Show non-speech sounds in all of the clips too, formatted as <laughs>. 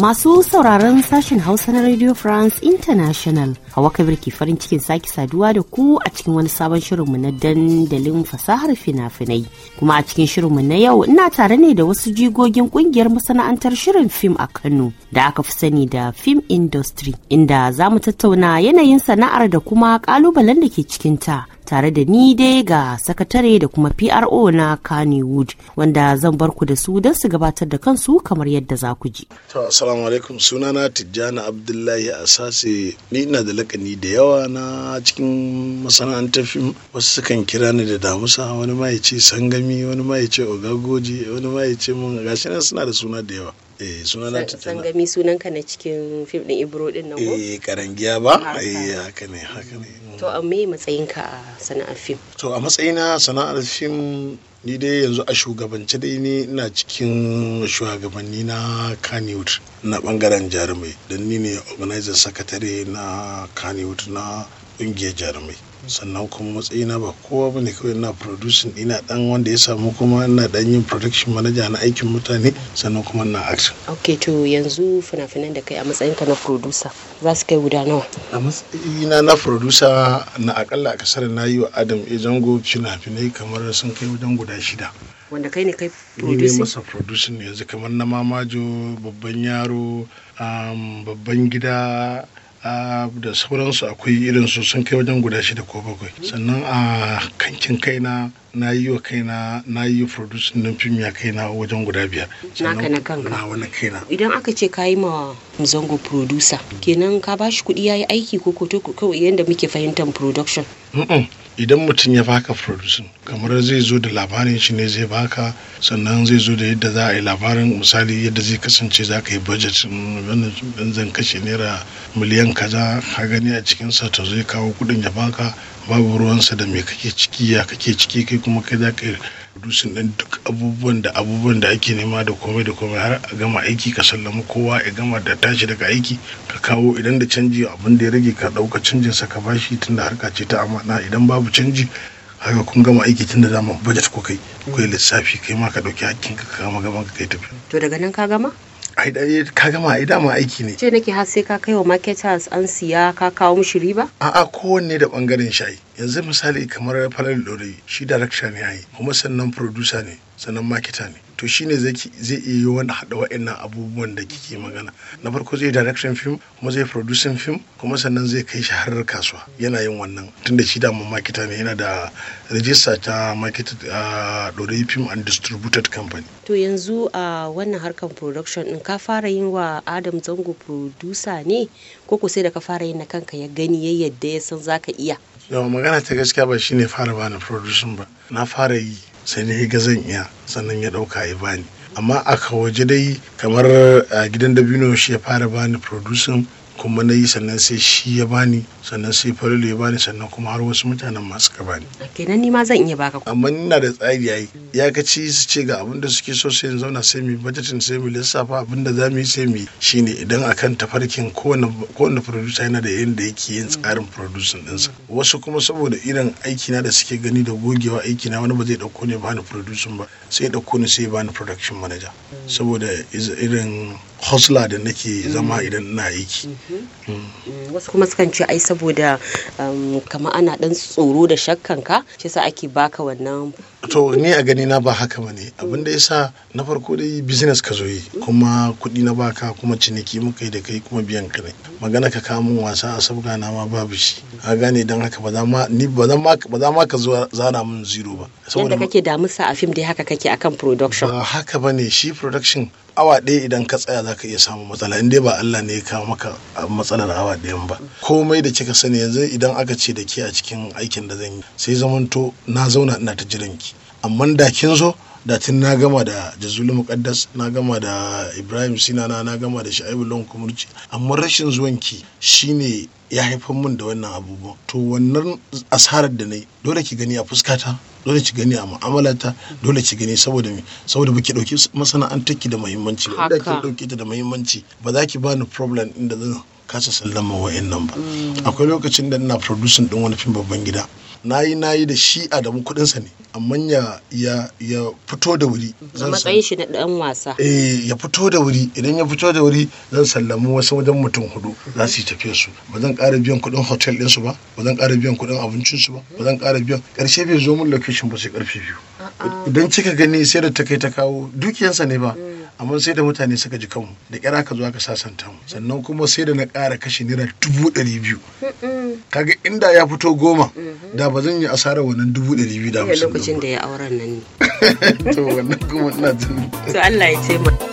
Masu sauraron sashen Hausa na Radio France International, hawa kabir ke farin cikin sake saduwa da ku a cikin wani sabon shirinmu na dandalin fasahar fina-finai. Kuma a cikin shirinmu na yau ina tare ne da wasu jigogin kungiyar masana'antar shirin fim a Kano da aka fi sani da fim Industry, inda za mu tattauna yanayin sana'ar da kuma ƙalubalen da ke cikinta tare da ni dai ga sakatare da kuma PRO na Kannywood wanda zan bar ku da su don su gabatar da kansu kamar yadda za ku ji. To assalamu alaikum sunana Tijjani Abdullahi Asase ni ina da lakani da yawa na cikin masana'antar fim wasu sukan kira ni da damusa wani ma ya ce sangami wani ma ya ce ogagoji wani ma ya ce mun gashi suna da suna da yawa. eh sunana tattala sangami sunanka na cikin fim din ibro din nan ko eh, karangiya ba eh haka ne haka ne mm. to a me ka a sana'ar fim to a matsayina sana'ar fim ni dai yanzu a shugabance dai ni ina cikin shugabanni na Kannywood na bangaren jarumai don ni ne organizer secretary na Kannywood na kungiyar jarumai sannan kuma matsayina ba kowa ba ne kawai ina producing ina dan wanda ya samu kuma ina dan yin production manager na aikin mutane sannan kuma ina action ok to yanzu fina-finan da kai a matsayinka na producer za su kai guda nawa a matsayina na producer na akalla a kasar na yi wa adam ejango fina-finai kamar sun kai wajen guda shida wanda kai ne kai producing? ne masa producing yanzu kamar na mamajo babban yaro um, babban gida da sauransu akwai irin su sun kai wajen guda shida ko bakwai sannan a kankin kaina na yi wa kaina na yi producing din fim ya kaina wajen guda biyar naka na kanka na wani kaina idan aka ce ka yi ma zango producer kenan ka ba shi kuɗi ya yi aiki ko ko kawai yadda muke fahimtar production idan mutum ya baka producing kamar zai zo da labarin shi ne zai baka sannan zai zo da yadda za a yi labarin misali yadda zai kasance za ka yi budget wannan zan kashe naira miliyan kaza ka gani a cikinsa ta zai kawo kudin ya baka babu ruwansa da me kake ciki ya kake ciki kai kuma kai za ka yi dusun ɗin duk abubuwan da abubuwan da ake nema da komai da komai har a gama aiki ka sallama kowa ya gama da tashi daga aiki ka kawo idan da canji abin da ya rage ka ɗauka canjin sa ka bashi tun da harka ce ta amana idan babu canji haka kun gama aiki tun da dama budget ko kai kai lissafi kai ma ka ɗauki hakkin ka kama gaban ka kai tafi to daga nan ka gama ka gama ai dama aiki ne ce nake har sai ka kai wa marketers an siya ka kawo mushi riba a'a kowanne da bangaren shayi yanzu misali kamar falal lori shi director ne yayi kuma sannan producer ne sannan marketer ne to shine zai iya yi wanda haɗa wa'annan abubuwan da kike magana na farko zai direction film kuma zai producing film kuma sannan zai kai shi har kasuwa yana yin wannan tunda shi da makita ne yana da register ta a ah, Dorai Film and Distributed Company to yanzu a wannan harkar production din ka fara yin wa Adam Zango producer ne ko ko sai da ka fara yin na kanka ya gani ya yadda ya san zaka iya yawa magana ta gaskiya ba shine fara bani producing ba na fara yi sai na ga zan iya sannan ya ɗauka ya bani amma a waje dai kamar a eh, gidan dabino shi ya fara bani producing kuma na yi sannan sai shi ya bani sannan sai falilu ya bani sannan kuma har wasu mutanen masu ka bani kenan ni ma zan iya baka amma ina da tsari yayi ya ka ci su ce ga abin da suke so sai zauna sai mu budgetin sai mu lissafa abin da mu yi sai mu shine idan akan tafarkin kowane kowane producer yana da yanda yake yin mm. tsarin producing dinsa wasu kuma saboda irin aiki na da suke gani da gogewa aiki na wani ba zai dauko ne ba ni producing ba sai dauko ni sai ba ni production manager mm. saboda irin hustler da nake mm-hmm. zama idan ina aiki mm-hmm. mm. Mm, wasu kuma sukan ce ai saboda um, kama ana dan tsoro da shakkan ka shi sa ake baka wannan to ni a gani na ba haka bane abin da yasa na farko dai business ka zo yi mm-hmm. kuma kuɗi na baka kuma ciniki muka yi da kai kuma biyan ka ne magana ka kawo wasa a sabga na ma babu shi a gane dan haka ba za ma ni ba za ma ba za ma ka zo zana min zero ba saboda kake damusa a fim dai haka kake akan production ba haka bane shi production awa ɗaya idan ka tsaya za ka iya samun matsala in dai ba Allah ne ya kawo maka ah, matsalar awa ɗayan ba komai da kika sani yanzu idan aka ce da ke a cikin aikin da zan yi sai zamanto na zauna ina ta jiran ki amma da kin zo da tun na gama da jazuli muqaddas na gama da ibrahim sinana na gama da sha'ibu lon kumurci amma rashin zuwanki shine ya haifar mun da wannan abubuwan to wannan asarar da na yi dole ki gani a fuskata dole ki gani a ma'amalata dole ki gani saboda me saboda ba ki dauki masana'antar ki da muhimmanci ba da ki dauke ta da muhimmanci ba za ki bani problem inda zan kasa sallama wa'annan ba mm. akwai lokacin da ina producing din wani fim babban gida na yi na yi da shi adamu kudinsa ne amma ya ya fito da wuri matsayin shi na dan wasa eh ya fito da wuri idan ya fito da wuri zan sallamu wasu wajen mutum hudu za su yi tafiya su ba zan ƙara biyan kudin hotel din su ba ba zan ƙara biyan kudin abincin su ba ba zan ƙara biyan karshe bai zo mun location ba sai karfe biyu idan kika gani sai da ta kai ta kawo dukiyansa ne ba mm. amma sai da mutane suka ji kanmu da kira ka zo ka sasanta mu sannan kuma sai da na ƙara kashe naira dubu ɗari biyu kaga inda ya fito goma mm-hmm. da ba zan yi asarar wannan dubu ɗari biyu da hamsin. lokacin da ya auren nan ne. <laughs> to wannan kuma ina jin. to Allah ya taimaka.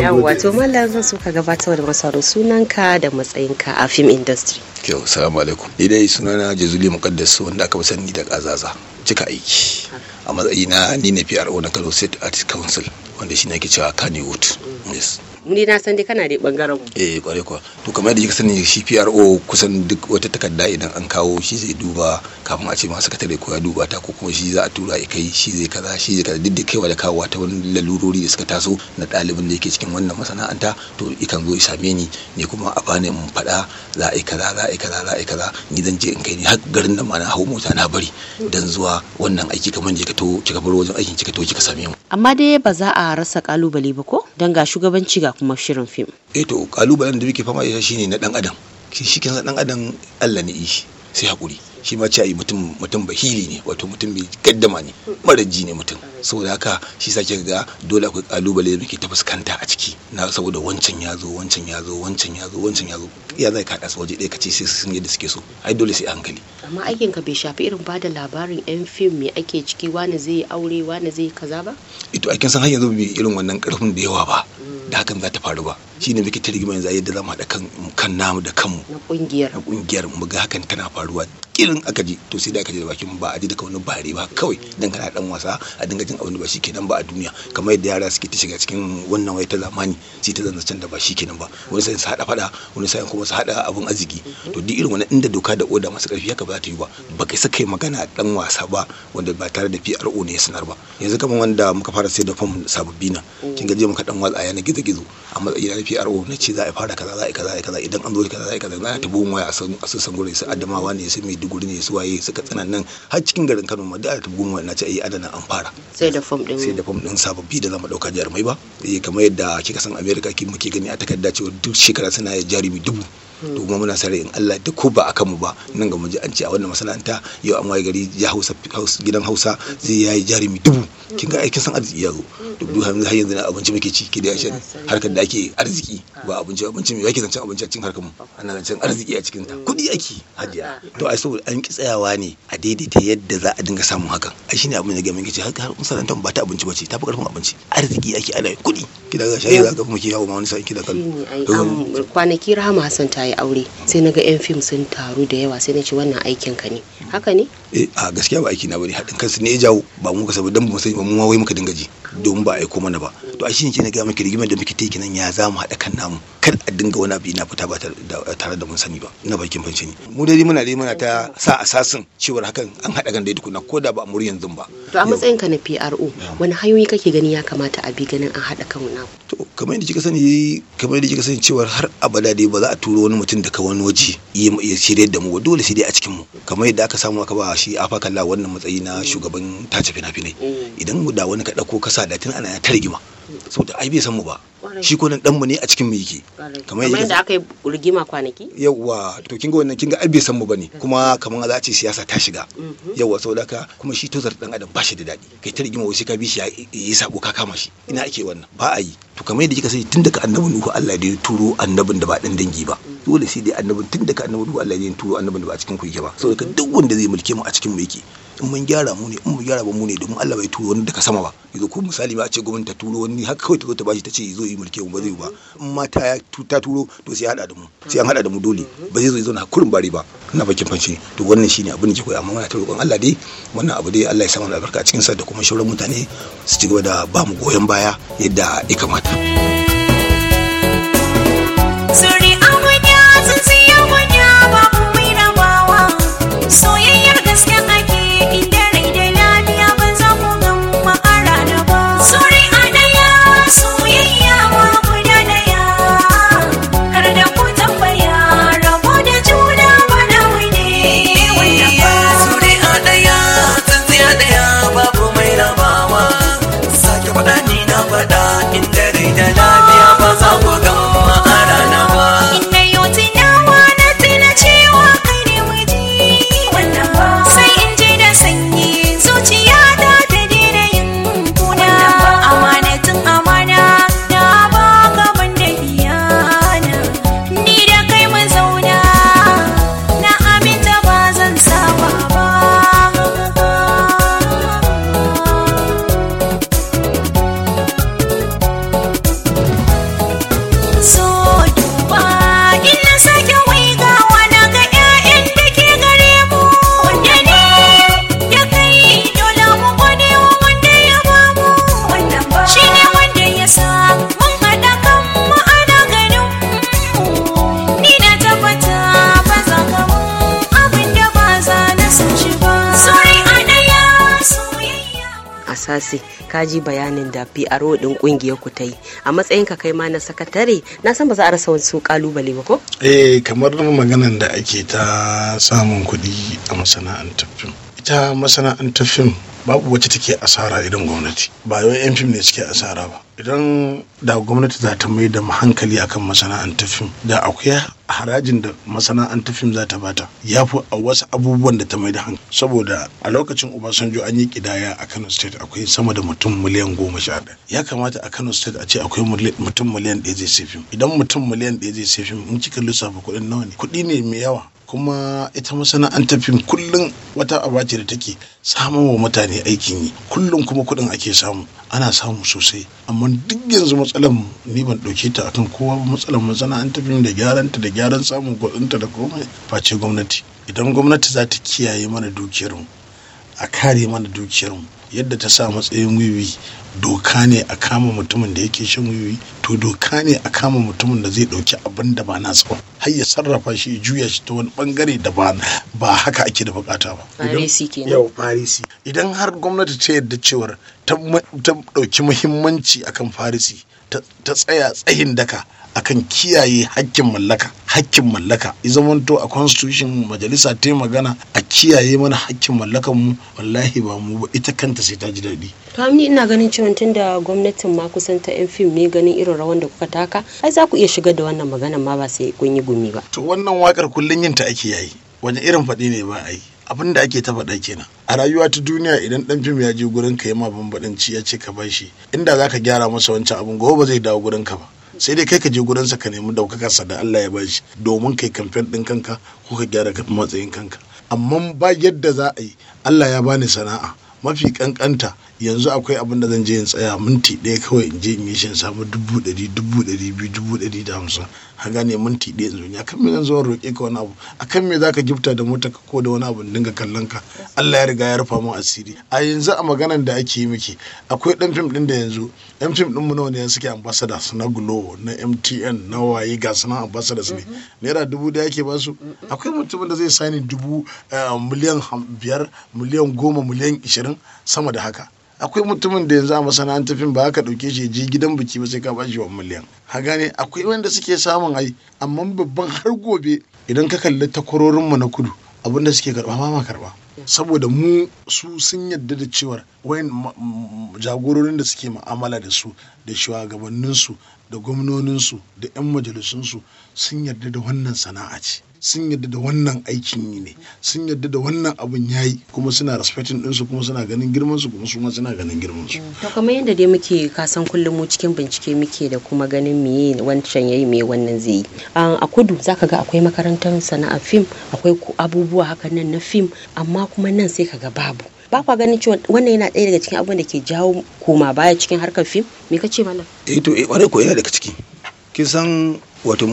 yawwa to mallam zan so ka gabatar da masaro sunanka da matsayinka a film industry yau salamu alaikum ni dai sunana jazuli muqaddas wanda aka sani da kazaza cika aiki a matsayina ni ne fi na Kano State Arts Council wanda shi ne ke cewa Kannywood. Yes. Ni na san dai kana da bangaren ku. Eh kware kuwa. To kamar yadda kika sani shi PRO kusan duk wata takarda idan an kawo shi zai duba kafin a ce ma sakatare ko ya duba ta ko kuma shi za a tura ya kai shi zai kaza shi zai kaza duk da kaiwa da kawo ta wani lalurori da suka taso na ɗalibin da yake cikin wannan masana'anta to ikan zo ya same ni ne kuma a bani mun faɗa za a kaza za a kaza za a kaza ni zan je in kai ni har garin da mana na hau mota na bari dan zuwa wannan aiki kamar je ka to kika bar wajen aikin kika to kika same mu amma dai ba za a rasa kalubale ba ko dan ga shugabanci ga kuma shirin fim eh to kalubalen da muke fama da shi ne na dan adam shi kin dan adam Allah ne yi sai hakuri shi ma ciyayi mutum mutum bahili ne wato mutum mai gaddama ne maraji ne mutum saboda haka shi sake ga dole akwai kalubale da muke ta fuskanta a ciki na saboda wancan ya zo wancan ya zo wancan ya zo wancan ya zo ya zai kada su waje ɗaya ka ce sai sun yadda suke so ai dole sai hankali amma aikin ka bai shafi irin bada labarin yan fim me ake ciki wani zai aure wani zai kaza ba ito aikin san har yanzu bai irin wannan karfin da yawa ba mm. hakan za ta faru ba shi ne muke ta mai yanzu yadda mu haɗa kan kan namu da kanmu na kungiyar na mu ga hakan tana faruwa kirin aka ji to sai da aka ji da bakin ba a ji daga wani bare ba kawai dan kana dan wasa a dinga jin abin da ba shi kenan ba a duniya kamar yadda yara suke ta shiga cikin wannan waya ta zamani sai ta can da ba shi kenan ba wani sai su haɗa faɗa wani sai kuma su haɗa abin arziki to duk irin wani inda doka da oda masu ƙarfi haka ba za ta yi ba ba kai saka magana dan wasa ba wanda ba tare da PRO ne ya sanar ba yanzu kamar wanda muka fara sai da fam sababbi na oh. kin ga je muka dan watsa yana gizo gizo a matsayin na PRO na ce za a fara kaza za a kaza kaza idan an zo kaza za a kaza za a bugun waya a san gurin su Adamawa ne su mai duguri ne su waye suka tsanan nan har cikin garin Kano ma da ta bugun waya na ce ai adana an fara sai da form din sai da form din sababbi da zama dauka jarumai ba eh kamar yadda kika san America kin muke gani a takarda cewa duk shekara suna jarumi dubu to muna sare in Allah duk ko ba a mu ba nan ga muji an ce a wannan masana'anta yau an waye gari ya Hausa gidan Hausa zai yayi jarumi dubu kin ga aikin san arziki yaro duk duk har yanzu abinci muke ci ki da yashin harkar da ake arziki ba abinci abinci me yake zancen abinci a cikin harkar mu ana zancen arziki a cikin ta kudi ake hadiya to ai saboda an ki tsayawa ne a daidaita yadda za a dinga samun hakan ai shine abin da ga muke ci har masana'antar ba ta abinci bace ta fi karfin abinci arziki ake ana kudi kida ga shayi za ka kuma kiyawo ma wani sa'in kida kallo kwanaki Rahama hasan ta yi yi aure sai na ga yan fim sun taru da yawa sai na ce wannan aikin ka ne haka ne eh a gaskiya ba aiki na bane haɗin kansu ne ya jawo ba mu ka saboda dan ba mu wai muka dinga ji domin ba a aiko mana ba to a shi ne na gaya miki rigimar da muke teki nan ya za mu haɗa kan namu kar a dinga wani abu yana fita ba tare da mun sani ba ina bakin fanci ne mu dai muna dai muna ta sa asasin cewar hakan an haɗa kan dai tukuna ko da ba a muri yanzu ba to a matsayin ka na PRO wani hanyoyi kake gani ya kamata a bi ganin an haɗa kan abu to kamar yadda kika sani kamar yadda kika sani cewar har abada dai ba za a turo wani mutum daga wani waje ya shirye da mu dole sai dai a cikin mu kamar yadda aka samu aka ba shi afakalla wannan matsayi na shugaban tace fina-finai mm. idan da wani ka ɗauko kasa da tun ana ta rigima saboda ai bai san mu ba shi ko dan mu ne a cikin mu yake kamar yadda aka yi rigima kwanaki yawa to kinga wannan kinga ai bai san mu bane kuma kamar za a ce siyasa ta shiga mm-hmm. yawa saboda haka kuma shi to zar dan adam ba shi da dadi kai ta rigima wai sai ka bi shi yayi sako ka kama shi ina ake wannan ba a yi to kamar yadda kika sani tun daga annabi nuhu Allah da ya turo annabin da ba dan dangi ba mm-hmm. dole sai dai annabin tun daga annabi nuhu Allah da ya turo annabin da ba cikin ku yake ba saboda duk wanda zai mulke mu a cikin mu yake in mun gyara mu ne in mun gyara ba mu ne domin Allah bai turo wani daga sama ba yanzu ko misali ba a ce gwamnati ta turo wani har kawai ta zo ta bashi ta ce zo yi mulki ba zai ba in ma ta ta turo to sai hada da mu sai an hada da mu dole ba zai zo ya na kurin bare ba ina bakin fanci to wannan shine abin da ke koyi amma muna ta roƙon Allah dai wannan abu dai Allah ya samu albarka a cikin sa da kuma shauran mutane su ci gaba da ba mu goyon baya yadda ya kamata. ka ji bayanin da PRO din kungiyar ku ta yi a matsayin ka kai ma na sakatare na san ba za a rasa wasu kalubale ba ko eh kamar maganan da ake ta samun kuɗi a masana'antar fim ita masana'antar fim babu wacce take asara idan gwamnati ba yawan yan fim ne suke asara ba idan da gwamnati za ta mai da hankali akan masana'antar fim da akwai harajin da masana'antar fim za ta bata ya fi a wasu abubuwan da ta mai da hankali saboda a lokacin obasanjo an yi kidaya a kano state akwai sama da mutum miliyan goma sha ɗaya ya kamata a kano state a ce akwai mutum miliyan ɗaya zai sai fim idan mutum miliyan ɗaya zai sai fim in kika lissafa kuɗin nawa ne kuɗi ne mai yawa kuma ita masana'antar fim kullum wata aba ce da take samun wa mutane aikin yi kullum kuma kuɗin ake samu ana samu sosai amma duk yanzu matsalar ni ban ɗauke ta akan kowa matsalar masana'antar fim da gyaran ta da gyaran samun kuɗinta da komai face gwamnati idan gwamnati za ta kiyaye mana dukiyarmu a kare mana dukiyar mu yadda ta sa matsayin wiwi doka ne a kama mutumin da yake shan wiwi to doka ne a kama mutumin da zai dauki abin da ba nasa ba har ya sarrafa shi ya juya shi ta wani bangare da ba ba haka ake da bukata ba yau farisi idan har gwamnati ta yadda cewar ta dauki muhimmanci akan farisi ta tsaya tsayin daka akan kiyaye hakkin mallaka hakkin mallaka i zamanto a constitution majalisa ta magana a kiyaye mana hakkin mallakan mu wallahi ba mu ba ita kanta sai ta ji daɗi to ni ina ganin cewa tun da gwamnatin ma kusan ta yan fim ne ganin irin rawan da kuka taka ai za ku iya shigar da wannan magana ma ba sai kun yi gumi ba to wannan wakar kullum yin ta ake yayi wani irin faɗi ne ba a yi abin da ake ta faɗa kenan a rayuwa ta duniya idan dan fim ya je gurin ka ya ma bambadanci ya ce ka bashi inda zaka gyara masa wancan abin gobe ba zai dawo gurin ka ba sai dai kai ka je sa ka nemi daukakar sa da Allah ya bashi domin kai kamfen ɗin kanka ko ka gyara matsayin kanka amma ba yadda za a yi Allah ya bani sana'a mafi kankanta yanzu akwai abin da zan je in tsaya minti ɗaya kawai in je in yi shi in samu dubu ɗari dubu ɗari biyu dubu ɗari da hamsin har gane minti ɗaya in zo akan me zan zo roƙe ka wani abu akan me zaka gifta da mota ka ko da wani abu dinga kallon ka Allah ya riga ya rufa mu asiri a yanzu a maganan da ake yi miki akwai dan fim ɗin da yanzu yan fim ɗin mu nawa ne suke su na Glo na MTN na waye ga sunan su ne mm-hmm. naira dubu da yake ba su akwai mutumin da zai sani dubu eh, miliyan biyar miliyan goma miliyan ishirin sama da haka akwai mutumin da yanzu a masana'antar fim ba ka ɗauke shi je gidan biki ba sai ka bashi wa miliyan ha gane akwai wanda suke samun ai amma babban har gobe idan ka kalli takwarorin mu na kudu da suke karba ma karba saboda mu su sun yadda da cewar wayan mm, jagororin da suke ma'amala da su da shugabanninsu da su da 'yan majalisun su sun yarda da wannan sana'a ce sun yadda da wannan aikin yi ne sun yadda da wannan abin ya yi kuma suna respecting ɗinsu kuma suna ganin girmansu kuma su suna ganin girmansu. Mm, to kamar yadda dai muke kasan kullum mu cikin bincike muke da kuma ganin meye wancan yi me wannan zai yi a kudu za ka ga akwai makarantar sana'a fim akwai abubuwa haka nan na fim amma kuma nan sai ga babu ba kwa ganin cewa wannan yana ɗaya daga cikin abin da ke jawo koma baya cikin harkar fim me ka ce mana. eh to eh ko yana daga ciki kin san wato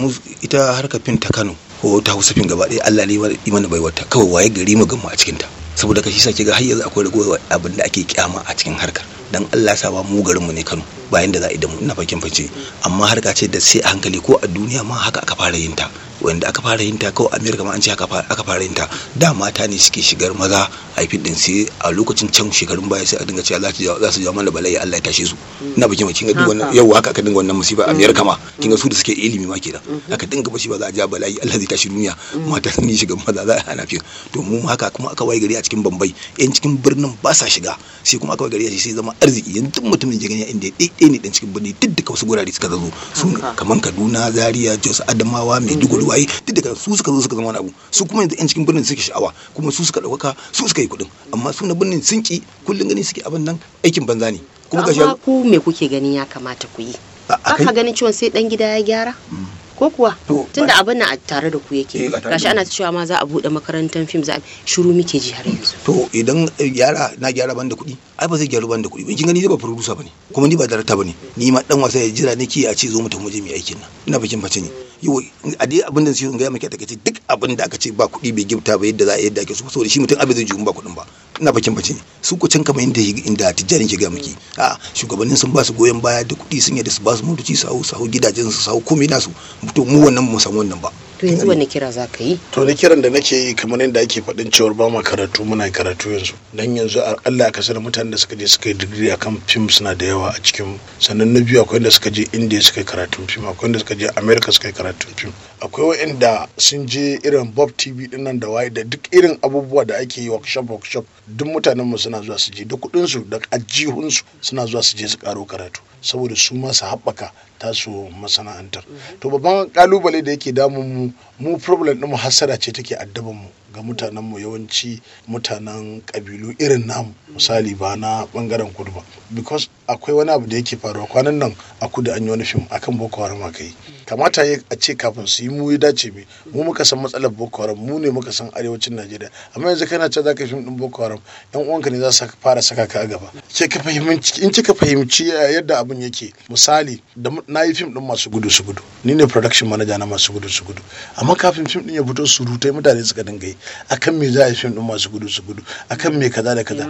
ita harkar fim ta Kano ko ta hausa fin gaba ɗaya Allah ne imanin bai baiwata kawai waye gari mu gamma a cikin ta saboda ka kashi sake ga har yanzu akwai ragowar abin da ake kyama a cikin harkar dan Allah sa ba mu garin mu ne Kano bayan da za a yi da mu ina fakin fice amma harka ce da sai a hankali ko a duniya ma haka aka fara yin ta wanda aka fara yin ta kawai amerika ma an ce aka fara yin ta da mata ne suke shigar maza a yi din sai a lokacin can shekarun baya sai a dinga cewa za su jawo mana bala'i Allah ya tashe su ina bakin ma kinga duk wannan yau haka aka dinga wannan musiba mm. amerika ma kinga su da suke ilimi ma kenan mm-hmm. aka dinga bashi ba za a ja bala'i Allah zai tashi duniya mm. mata sun yi shigar maza za a hana fi to mu haka kuma aka waye gari a cikin bambai yan cikin birnin ba sa shiga sai kuma aka waye gari sai zama arziki duk mutumin jigan ya inda ɗaiɗai ne dan cikin birni duk da wasu gurare suka zazo su kaman Kaduna Zaria Jos Adamawa Maiduguri ba duk daga su suka zo suka zama wani abu su kuma yanzu yan cikin birnin suke sha'awa kuma su suka ɗaukaka su suka yi kuɗin amma su na birnin sun ki kullum gani suke abin nan aikin banza ne kuma ku me kuke gani ya kamata ku yi ba ka ganin ciwon sai dan gida ya gyara mm. ko kuwa tunda abin na tare da ku yake eh, gashi ana cewa ma za a bude makarantar fim za a shiru muke ji har yanzu to idan eh, yara na gyara banda kuɗi ai ba zai gyaru banda kuɗi ba kin gani ba producer bane kuma ni ba director bane ni ma dan wasa ya jira nake a ce zo mu tafi mu je aikin nan ina bakin face ne yau a dai abin da sun ga maka take ce duk abin da aka ce ba kuɗi bai gifta ba yadda za a yadda ake so saboda shi mutum abin zai jumu ba kuɗin ba ina bakin face ne su ku can kamar inda inda tijarin ke ga miki a shugabannin sun ba su goyon baya da kuɗi sun yadda su ba su motoci su hau su hau gidajen su hau komai nasu to mu wannan mu san wannan ba to yanzu wani kira za ka yi to ni kiran da nake yi kamar yadda ake faɗin cewa ba ma karatu muna karatu yanzu dan yanzu Allah ya kasar mutanen da suka je suka yi digiri akan fim suna da yawa a cikin sannan na biyu akwai wanda suka je India suka yi karatun fim akwai wanda suka je America suka yi karatun fim akwai wa'anda sun je irin Bob TV din nan da waye da duk irin abubuwa da ake yi workshop workshop duk mutanen mu suna zuwa su je da kuɗin su da ajihun su suna zuwa su je su karo karatu saboda su ma su haɓaka tasu masana'antar to babban kalubale da yake damun mu mu problem mu hasara ce take mu ga mutanenmu yawanci mutanen kabilu irin namu misali ba na ɓangaren kudu ba because akwai wani abu da yake faruwa kwanan nan a kudu an yi wani fim akan boko haram aka yi kamata ya a ce kafin su yi mu ya dace mu mu muka san matsalar boko haram mu ne muka san arewacin najeriya amma yanzu kana ce za ka fim din boko haram yan uwanka ne za su fara saka ka a gaba ce ka fahimci in kika fahimci eh, yadda abin yake misali da na yi fim din masu gudu su gudu ni ne production manager na masu gudu su gudu amma kafin fim din ya fito surutai mutane suka dinga yi akan me za a yi fim din masu gudu su gudu akan me kaza da kaza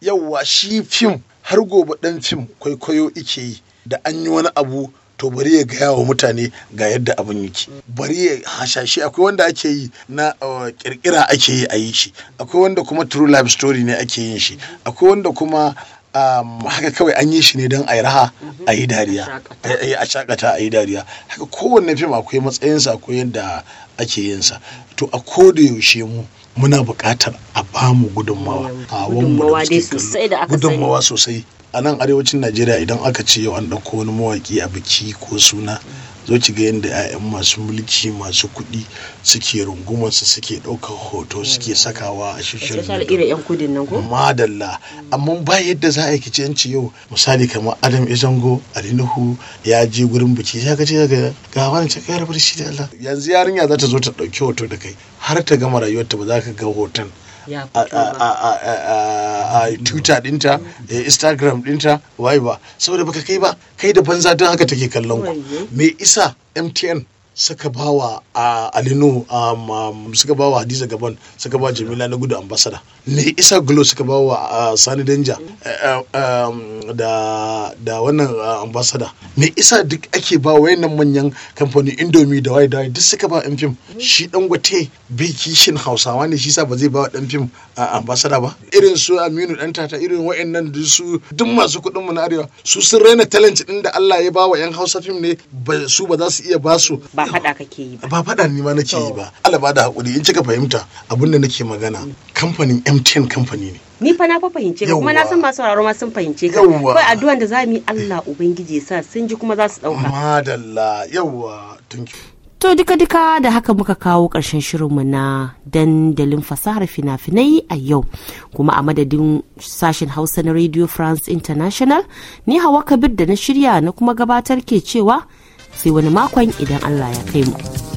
yawwa shi fim har gobe dan fim kwaikwayo ike yi da an yi wani abu to bari ya gaya wa mutane ga yadda abin yake bari ya hashashi akwai wanda ake yi na kirkira uh, ake yi a yi shi akwai wanda kuma true life story ne ake yin shi akwai wanda kuma Um, haka kawai an yi shi ne don a yi raha mhm. a yi dariya a shakata eh, eh, a yi dariya haka kowanne fim akwai matsayinsa akwai yadda ake yinsa to a koda yaushe mu muna buƙatar a bamu gudunmawa a sosai gudunmawa sosai a nan arewacin najeriya idan aka ce yau an ɗauko wani mawaƙi a biki ko suna mm. zo ki ga yadda 'ya'yan masu mulki masu kuɗi suke rungumarsa suke ɗaukar hoto suke sakawa a social madalla amma ba yadda za a yi kici yau misali kamar adam izango alinuhu ya je gurin biki ya ga ce ga ga wani ta shi da Allah yanzu yarinya za ta zo ta ɗauki hoto da kai har ta gama rayuwarta ba za ka ga hoton a twitter dinta eh, instagram dinta waye ba saboda baka kai ba kai da banza don haka take kallon ku me isa mtn suka bawa wa alinu um, um, suka bawa hadiza gaban suka ba jamila na gudu ambasada ne isa glo suka ba sani danja eh, eh, um, da wannan ambasada ne isa duk ake ba wa yanan manyan kamfani indomi da wai da duk suka ba yan fim shi dan gwate bi kishin hausawa ne shi sa ba zai ba wa dan fim ambasada ba irin su aminu dan tata irin wayannan da su duk masu kuɗin mu na arewa su sun raina talent din da Allah ya ba wa yan hausa fim ne su ba za su iya ba su ba faɗa kake yi ba ba faɗa ni ma nake yi ba Allah ba da hakuri in cika fahimta abin da nake magana kamfanin MTN kamfani ne ni fa na fa fahimce kuma na san masu sauraro ma sun fahimce ka kai addu'an da zamu yi Allah ubangiji sa sun ji kuma za su dauka madalla yawa thank you to duka duka da haka muka kawo ƙarshen shirinmu na dandalin fasahar fina-finai a yau kuma a madadin sashen hausa na radio france international ni hawa kabir da na shirya na kuma gabatar ke cewa sai wani makon idan Allah ya kai mu.